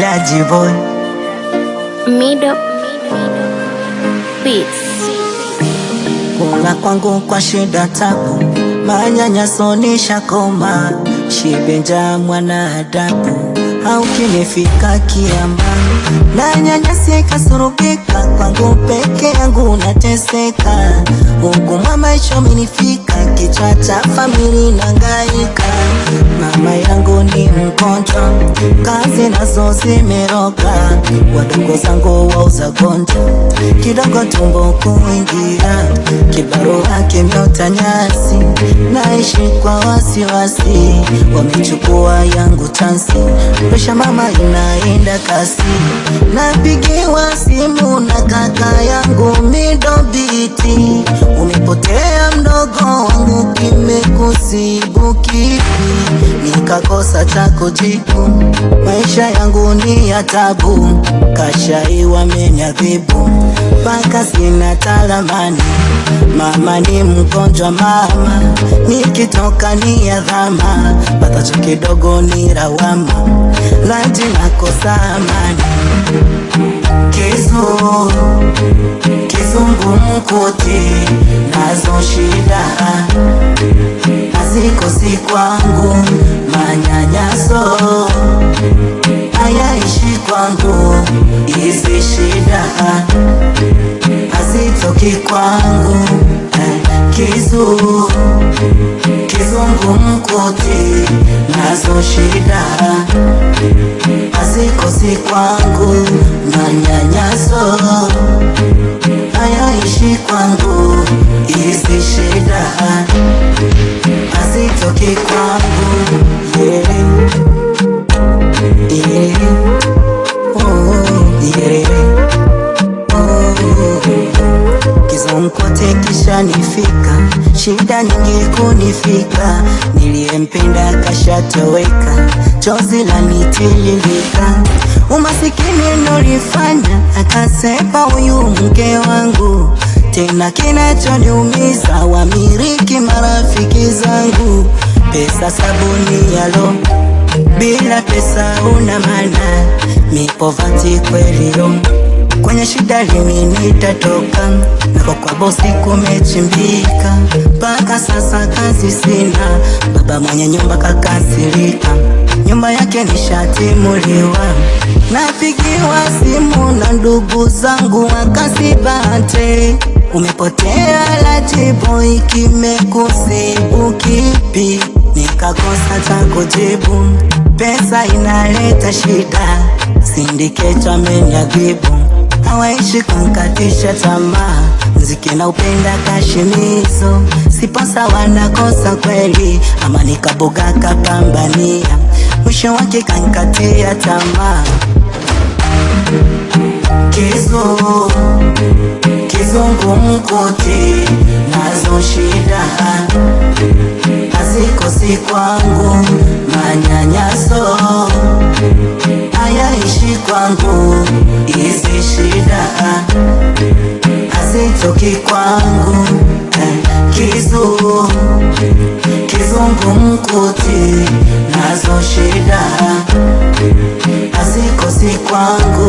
Lajiboy Mido kwangu kwa shida tabu, manyanyaso nishakoma, shibe njaa mwana adabu, haukinifika kiambani, nanyanyasika surubika, kwangu peke yangu nateseka, huku mama ishomenifika kichwa cha famili nangaika, mama yangu ni mkonjwa kazi nazo zimeroka, wadogo zangu wauza gonja, kidogo tumbo kuingia, kibarua kimeuta nyasi, naishi kwa wasiwasi, wamechukua yangu chansi, pesha mama inaenda kasi, napigiwa simu na kaka yangu midobiti kosa cha jibu. Maisha yangu ni ya tabu, kashai wameniadhibu mpaka sina talamani. Mama ni mgonjwa, mama nikitoka ni dhama patacho kidogo ni rawama, laiti nakosa amani. Kisu kizungumkuti nazo shida kwangu, hizi shida hazitoki kwangu. Kizu mkuti nazo shida hazikosi kwangu, manyanyaso kanifika, shida nyingi kunifika, niliyempenda kashatoweka, chozi lanitiririka, umasikini nolifanya akasepa huyu mke wangu, tena kinachoniumiza wamiriki marafiki zangu, pesa sabuni yalo, bila pesa una maana, mipovati kwelio Kwenye shida hii nitatoka, nako kwa bosi kumechimbika. Mpaka sasa kazi sina, baba mwenye nyumba kakasirika, nyumba yake nishatimuliwa. Napigiwa simu na ndugu zangu wakasibate, umepotea lajibu, ikimekusibu kipi? Nikakosa cha kujibu, pesa inaleta shida, sindiketwa ameniadhibu hawaishi kunkatisha tamaa, mziki na upenda kashimizo, siposa wanakosa kweli, ama nikaboga kapambania, mwisho wake kankatia tamaa. kizungu mkuti nazo shida hazikosi kwangu, manyanyaso hayaishi kwangu izishi kikwangu kwangu eh, kizu kizungumkuti nazo shida hazikosi kwangu